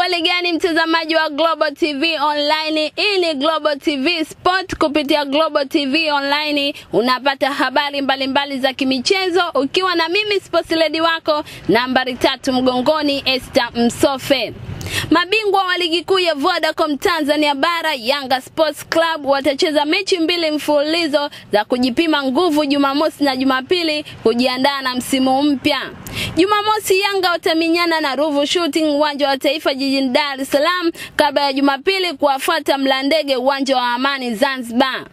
Uhali gani mtazamaji wa Global TV Online, hii ni Global TV Sport. Kupitia Global TV Online unapata habari mbalimbali za kimichezo, ukiwa na mimi sports lady wako nambari tatu mgongoni, Esther Msofe. Mabingwa wa ligi kuu ya Vodacom Tanzania Bara, Yanga Sports Club watacheza mechi mbili mfululizo za kujipima nguvu Jumamosi na Jumapili kujiandaa na msimu mpya. Jumamosi Yanga wataminyana na Ruvu Shooting uwanja wa Taifa jijini Dar es Salaam kabla ya Jumapili kuwafuata Mlandege uwanja wa Amani Zanzibar.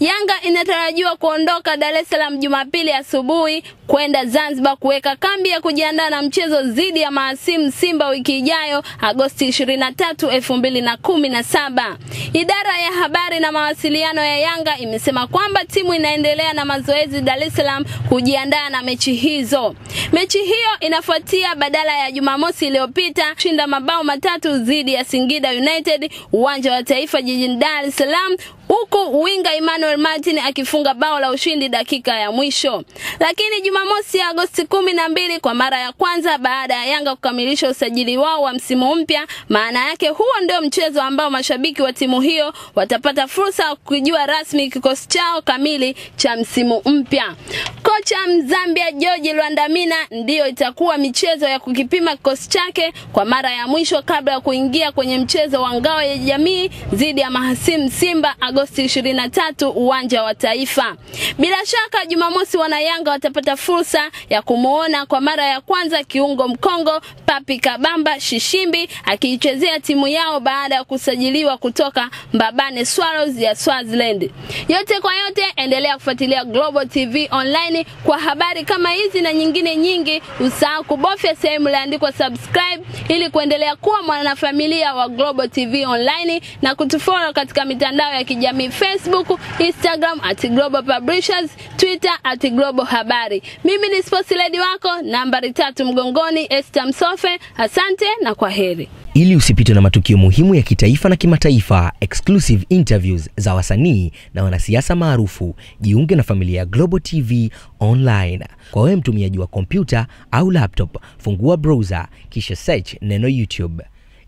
Yanga inatarajiwa kuondoka Dar es Salaam Jumapili asubuhi kwenda Zanzibar kuweka kambi ya kujiandaa na mchezo dhidi ya mahasimu Simba wiki ijayo Agosti 23, 2017. Idara ya habari na mawasiliano ya Yanga imesema kwamba timu inaendelea na mazoezi Dar es Salaam kujiandaa na mechi hizo. Mechi hiyo inafuatia badala ya Jumamosi iliyopita kushinda mabao matatu dhidi ya Singida United uwanja wa Taifa jijini Dar es Salaam huku winga Emmanuel Martin akifunga bao la ushindi dakika ya mwisho. Lakini Jumamosi ya Agosti kumi na mbili, kwa mara ya kwanza baada ya Yanga kukamilisha usajili wao wa msimu mpya, maana yake huo ndio mchezo ambao mashabiki wa timu hiyo watapata fursa ya kukijua rasmi kikosi chao kamili cha msimu mpya. Kocha Mzambia George Lwandamina ndiyo itakuwa michezo ya kukipima kikosi chake kwa mara ya mwisho kabla ya kuingia kwenye mchezo wa ngao ya jamii dhidi ya mahasimu Simba Agosti Agosti 23 uwanja wa Taifa. Bila shaka Jumamosi wanayanga watapata fursa ya kumuona kwa mara ya kwanza kiungo mkongo Papi Kabamba Shishimbi akiichezea timu yao baada ya kusajiliwa kutoka Mbabane Swallows ya Swaziland. Yote kwa yote, endelea kufuatilia Global TV Online kwa habari kama hizi na nyingine nyingi. Usahau kubofya sehemu iliyoandikwa subscribe ili kuendelea kuwa mwanafamilia wa Global TV Online na kutufollow katika mitandao ya kijamii kijamii Facebook, Instagram at Global Publishers, Twitter at Global Habari. Mimi ni Sports Lady wako nambari tatu mgongoni, Esther Msofe. Asante na kwa heri. Ili usipitwe na matukio muhimu ya kitaifa na kimataifa, exclusive interviews za wasanii na wanasiasa maarufu, jiunge na familia ya Global TV Online. Kwa wewe mtumiaji wa kompyuta au laptop, fungua browser kisha search neno YouTube.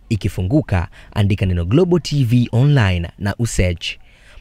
Ikifunguka, andika neno Global TV Online na usearch.